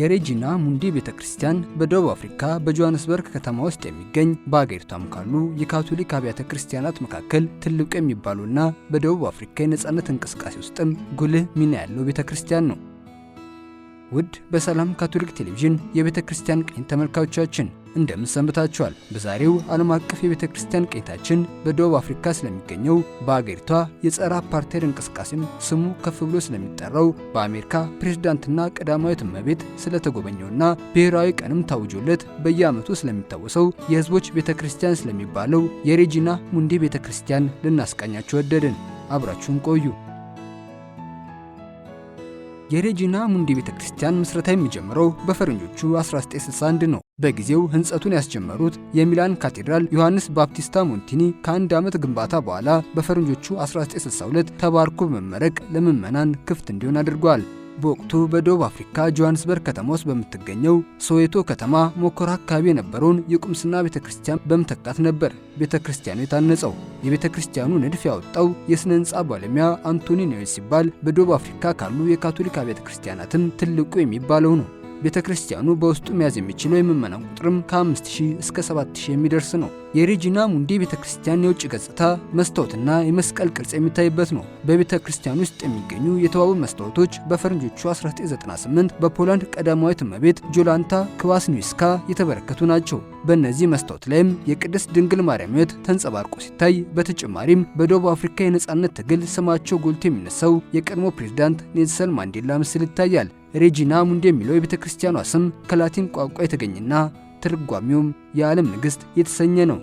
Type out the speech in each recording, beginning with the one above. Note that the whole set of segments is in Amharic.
የሬጂና ሙንዲ ቤተ ክርስቲያን በደቡብ አፍሪካ በጆሃንስበርግ ከተማ ውስጥ የሚገኝ በአገሪቷም ካሉ የካቶሊክ አብያተ ክርስቲያናት መካከል ትልቁ የሚባለውና በደቡብ አፍሪካ የነጻነት እንቅስቃሴ ውስጥም ጉልህ ሚና ያለው ቤተ ክርስቲያን ነው። ውድ በሰላም ካቶሊክ ቴሌቪዥን የቤተ ክርስቲያን ቀኝ ተመልካዮቻችን እንደምን ሰንብታችኋል። በዛሬው ዓለም አቀፍ የቤተ ክርስቲያን ቆይታችን በደቡብ አፍሪካ ስለሚገኘው በአገሪቷ የጸረ አፓርታይድ እንቅስቃሴም ስሙ ከፍ ብሎ ስለሚጠራው በአሜሪካ ፕሬዝዳንትና ቀዳማዊት እመቤት ስለተጎበኘውና ብሔራዊ ቀንም ታውጆለት በየዓመቱ ስለሚታወሰው የሕዝቦች ቤተ ክርስቲያን ስለሚባለው የሬጂና ሙንዴ ቤተ ክርስቲያን ልናስቃኛችሁ ወደድን። አብራችሁን ቆዩ። የሬጂና ሙንዲ ቤተ ክርስቲያን ምስረታ የሚጀምረው በፈረንጆቹ 1961 ነው። በጊዜው ህንጸቱን ያስጀመሩት የሚላን ካቴድራል ዮሐንስ ባፕቲስታ ሞንቲኒ ከአንድ ዓመት ግንባታ በኋላ በፈረንጆቹ 1962 ተባርኮ በመመረቅ ለምዕመናን ክፍት እንዲሆን አድርጓል። በወቅቱ በደቡብ አፍሪካ ጆሃንስበርግ ከተማ ውስጥ በምትገኘው ሶዌቶ ከተማ ሞኮራ አካባቢ የነበረውን የቁምስና ቤተ ክርስቲያን በመተካት ነበር ቤተ ክርስቲያኑ የታነጸው። የቤተ ክርስቲያኑ ንድፍ ያወጣው የሥነ ሕንፃ ባለሙያ አንቶኒ ኔዌል ሲባል በደቡብ አፍሪካ ካሉ የካቶሊክ ቤተ ክርስቲያናትም ትልቁ የሚባለው ነው። ቤተ ክርስቲያኑ በውስጡ መያዝ የሚችለው የምዕመናን ቁጥርም ከ5000 እስከ 7000 የሚደርስ ነው። የሬጂና ሙንዲ ቤተ ክርስቲያን የውጭ ገጽታ መስታወትና የመስቀል ቅርጽ የሚታይበት ነው። በቤተ ክርስቲያን ውስጥ የሚገኙ የተዋቡ መስታወቶች በፈረንጆቹ 1998 በፖላንድ ቀዳማዊት እመቤት ጆላንታ ክዋስኒስካ የተበረከቱ ናቸው። በእነዚህ መስታወት ላይም የቅድስት ድንግል ማርያም ሕይወት ተንጸባርቆ ሲታይ፣ በተጨማሪም በደቡብ አፍሪካ የነጻነት ትግል ስማቸው ጎልቶ የሚነሳው የቀድሞ ፕሬዝዳንት ኔልሰን ማንዴላ ምስል ይታያል። ሬጂና ሙንዲ የሚለው የቤተ ክርስቲያኗ ስም ከላቲን ቋንቋ የተገኘና ትርጓሚውም የዓለም ንግሥት የተሰኘ ነው።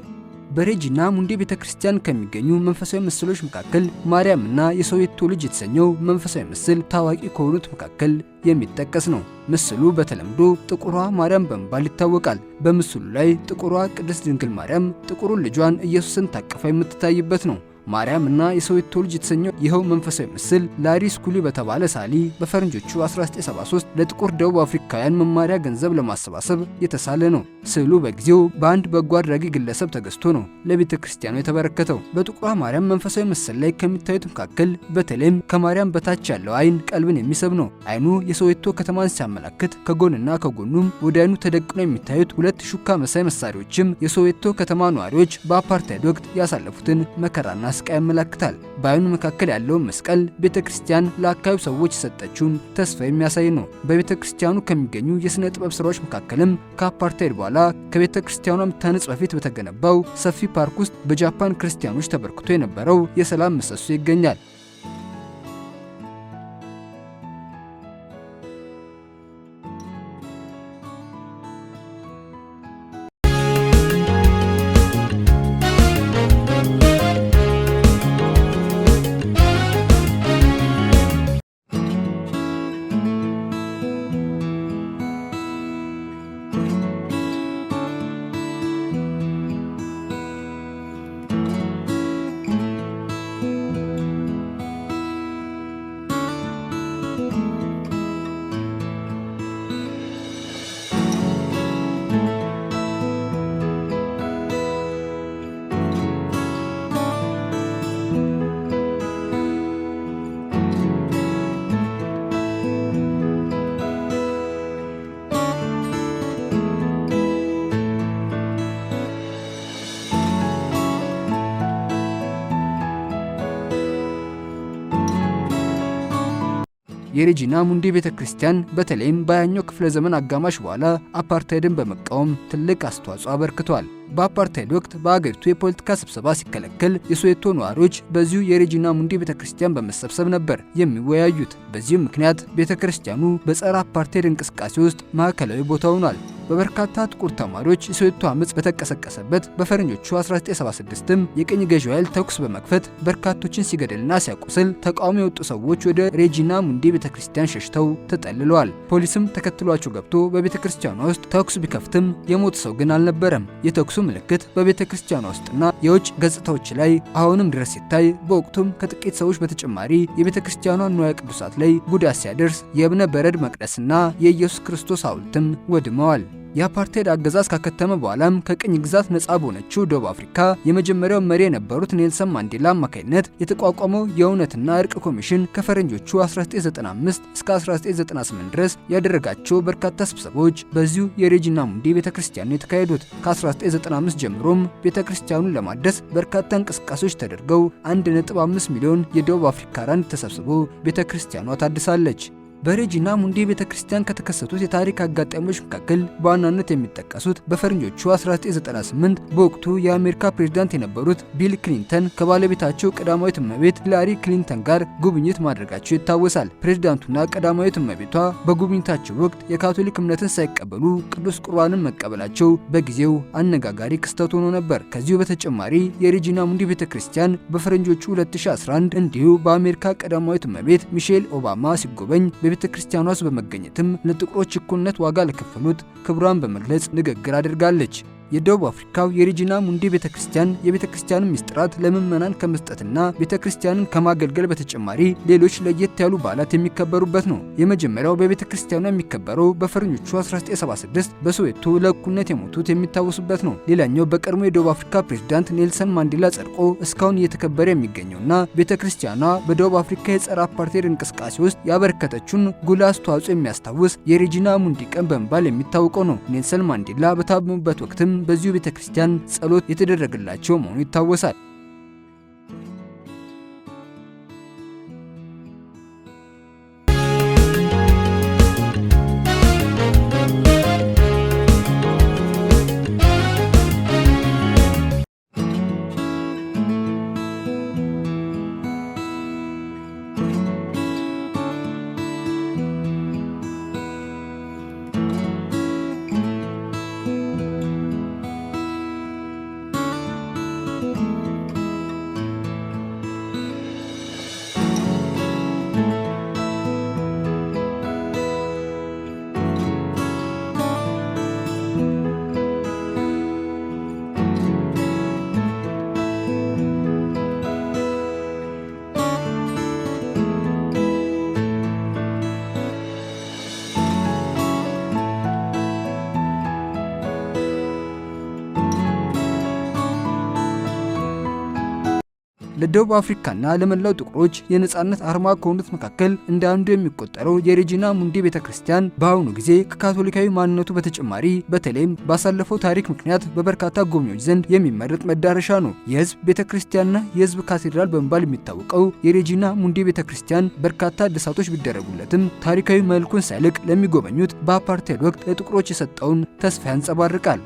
በሬጂና ሙንዲ ቤተ ክርስቲያን ከሚገኙ መንፈሳዊ ምስሎች መካከል ማርያምና የሶዌቶ ልጅ የተሰኘው መንፈሳዊ ምስል ታዋቂ ከሆኑት መካከል የሚጠቀስ ነው። ምስሉ በተለምዶ ጥቁሯ ማርያም በመባል ይታወቃል። በምስሉ ላይ ጥቁሯ ቅድስት ድንግል ማርያም ጥቁሩን ልጇን ኢየሱስን ታቅፋ የምትታይበት ነው። ማርያም እና የሰዊት ልጅ የተሰኘው ይኸው መንፈሳዊ ምስል ላሪስ ኩሊ በተባለ ሳሊ በፈረንጆቹ 1973 ለጥቁር ደቡብ አፍሪካውያን መማሪያ ገንዘብ ለማሰባሰብ የተሳለ ነው። ስዕሉ በጊዜው በአንድ በጎ አድራጊ ግለሰብ ተገዝቶ ነው ለቤተ ክርስቲያኑ የተበረከተው። በጥቁሯ ማርያም መንፈሳዊ ምስል ላይ ከሚታዩት መካከል በተለይም ከማርያም በታች ያለው ዓይን ቀልብን የሚስብ ነው። አይኑ የሶዌቶ ከተማን ሲያመለክት፣ ከጎንና ከጎኑም ወደ ዓይኑ ተደቅነው የሚታዩት ሁለት ሹካ መሳይ መሳሪያዎችም የሶዌቶ ከተማ ነዋሪዎች በአፓርታይድ ወቅት ያሳለፉትን መከራና መስቀል ያመለክታል። በአይኑ መካከል ያለው መስቀል ቤተ ክርስቲያን ለአካባቢው ሰዎች የሰጠችውን ተስፋ የሚያሳይ ነው። በቤተ ክርስቲያኑ ከሚገኙ የሥነ ጥበብ ሥራዎች መካከልም ከአፓርታይድ በኋላ ከቤተ ክርስቲያኗ መታነጽ በፊት በተገነባው ሰፊ ፓርክ ውስጥ በጃፓን ክርስቲያኖች ተበርክቶ የነበረው የሰላም ምሰሶ ይገኛል። የሬጂና ሙንዲ ቤተ ክርስቲያን በተለይም በሃያኛው ክፍለ ዘመን አጋማሽ በኋላ አፓርታይድን በመቃወም ትልቅ አስተዋጽኦ አበርክቷል። በአፓርታይድ ወቅት በአገሪቱ የፖለቲካ ስብሰባ ሲከለከል የሶዌቶ ነዋሪዎች በዚሁ የሬጂና ሙንዲ ቤተክርስቲያን በመሰብሰብ ነበር የሚወያዩት። በዚህም ምክንያት ቤተክርስቲያኑ በጸረ አፓርታይድ እንቅስቃሴ ውስጥ ማዕከላዊ ቦታ ሆኗል። በበርካታ ጥቁር ተማሪዎች የሶዌቶ አመጽ በተቀሰቀሰበት በፈረንጆቹ 1976ም የቅኝ ገዢው ኃይል ተኩስ በመክፈት በርካቶችን ሲገደልና ሲያቆስል ተቃውሞ የወጡ ሰዎች ወደ ሬጂና ሙንዲ ቤተክርስቲያን ሸሽተው ተጠልለዋል። ፖሊስም ተከትሏቸው ገብቶ በቤተክርስቲያኗ ውስጥ ተኩስ ቢከፍትም የሞተ ሰው ግን አልነበረም። የተኩስ የክሱ ምልክት በቤተ ክርስቲያኗ ውስጥና የውጭ ገጽታዎች ላይ አሁንም ድረስ ሲታይ በወቅቱም ከጥቂት ሰዎች በተጨማሪ የቤተ ክርስቲያኗ ንዋየ ቅዱሳት ላይ ጉዳት ሲያደርስ የእብነ በረድ መቅደስና የኢየሱስ ክርስቶስ ሐውልትም ወድመዋል። የአፓርታይድ አገዛዝ ካከተመ በኋላም ከቅኝ ግዛት ነጻ በሆነችው ደቡብ አፍሪካ የመጀመሪያው መሪ የነበሩት ኔልሰን ማንዴላ አማካኝነት የተቋቋመው የእውነትና እርቅ ኮሚሽን ከፈረንጆቹ 1995 እስከ 1998 ድረስ ያደረጋቸው በርካታ ስብሰባዎች በዚሁ የሬጂና ሙንዲ ቤተክርስቲያን ነው የተካሄዱት። ከ1995 ጀምሮም ቤተክርስቲያኑን ለማደስ በርካታ እንቅስቃሴዎች ተደርገው 1.5 ሚሊዮን የደቡብ አፍሪካ ራንድ ተሰብስቦ ቤተክርስቲያኗ ታድሳለች። በሬጂና ሙንዴ ቤተ ክርስቲያን ከተከሰቱት የታሪክ አጋጣሚዎች መካከል በዋናነት የሚጠቀሱት በፈረንጆቹ 1998 በወቅቱ የአሜሪካ ፕሬዝዳንት የነበሩት ቢል ክሊንተን ከባለቤታቸው ቀዳማዊት እመቤት ሂላሪ ክሊንተን ጋር ጉብኝት ማድረጋቸው ይታወሳል። ፕሬዚዳንቱና ቀዳማዊት እመቤቷ በጉብኝታቸው ወቅት የካቶሊክ እምነትን ሳይቀበሉ ቅዱስ ቁርባንን መቀበላቸው በጊዜው አነጋጋሪ ክስተት ሆኖ ነበር። ከዚሁ በተጨማሪ የሬጂና ሙንዴ ቤተ ክርስቲያን በፈረንጆቹ 2011 እንዲሁ በአሜሪካ ቀዳማዊት እመቤት ሚሼል ኦባማ ሲጎበኝ በቤተ ክርስቲያኗ ውስጥ በመገኘትም ለጥቁሮች እኩልነት ዋጋ ለከፈሉት ክብሯን በመግለጽ ንግግር አድርጋለች። የደቡብ አፍሪካው የሪጂና ሙንዲ ቤተ ክርስቲያን የቤተ ክርስቲያንን ምስጢራት ለምዕመናን ከመስጠትና ቤተ ክርስቲያንን ከማገልገል በተጨማሪ ሌሎች ለየት ያሉ በዓላት የሚከበሩበት ነው። የመጀመሪያው በቤተ ክርስቲያኗ የሚከበረው በፈረንጆቹ 1976 በሶዌቶ ለእኩልነት የሞቱት የሚታወሱበት ነው። ሌላኛው በቀድሞ የደቡብ አፍሪካ ፕሬዝዳንት ኔልሰን ማንዴላ ጸድቆ እስካሁን እየተከበረ የሚገኘውና ቤተ ክርስቲያኗ በደቡብ አፍሪካ የጸረ አፓርቴድ እንቅስቃሴ ውስጥ ያበረከተችውን ጉላ አስተዋጽኦ የሚያስታውስ የሪጂና ሙንዲ ቀን በመባል የሚታወቀው ነው። ኔልሰን ማንዴላ በታመሙበት ወቅትም በዚሁ ቤተ ክርስቲያን ጸሎት የተደረገላቸው መሆኑ ይታወሳል። ለደቡብ አፍሪካና ለመላው ጥቁሮች የነጻነት አርማ ከሆኑት መካከል እንደ አንዱ የሚቆጠረው የሬጂና ሙንዲ ቤተ ክርስቲያን በአሁኑ ጊዜ ከካቶሊካዊ ማንነቱ በተጨማሪ በተለይም ባሳለፈው ታሪክ ምክንያት በበርካታ ጎብኚዎች ዘንድ የሚመረጥ መዳረሻ ነው። የህዝብ ቤተ ክርስቲያንና የህዝብ ካቴድራል በመባል የሚታወቀው የሬጂና ሙንዲ ቤተ ክርስቲያን በርካታ እድሳቶች ቢደረጉለትም ታሪካዊ መልኩን ሳይልቅ ለሚጎበኙት በአፓርታይድ ወቅት ለጥቁሮች የሰጠውን ተስፋ ያንጸባርቃል።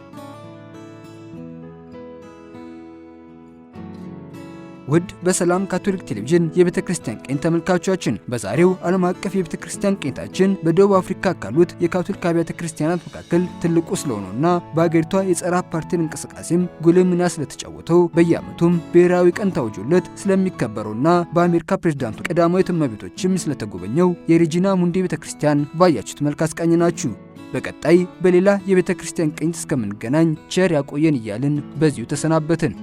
ውድ በሰላም ካቶሊክ ቴሌቪዥን የቤተ ክርስቲያን ቀኝ ተመልካቾቻችን በዛሬው ዓለም አቀፍ የቤተ ክርስቲያን ቀኝታችን በደቡብ አፍሪካ ካሉት የካቶሊክ አብያተ ክርስቲያናት መካከል ትልቁ ስለሆነውና በአገሪቷ የጸረ አፓርታይድ እንቅስቃሴም ጉልህ ሚና ስለተጫወተው በየዓመቱም ብሔራዊ ቀን ታውጆለት ስለሚከበረውና በአሜሪካ ፕሬዝዳንቱ ቀዳማዊት እመቤቶችም ስለተጎበኘው የሬጂና ሙንዴ ቤተ ክርስቲያን ባያችሁት መልክ ናችሁ። በቀጣይ በሌላ የቤተ ክርስቲያን ቅኝት እስከምንገናኝ ቸር ያቆየን እያልን በዚሁ ተሰናበትን።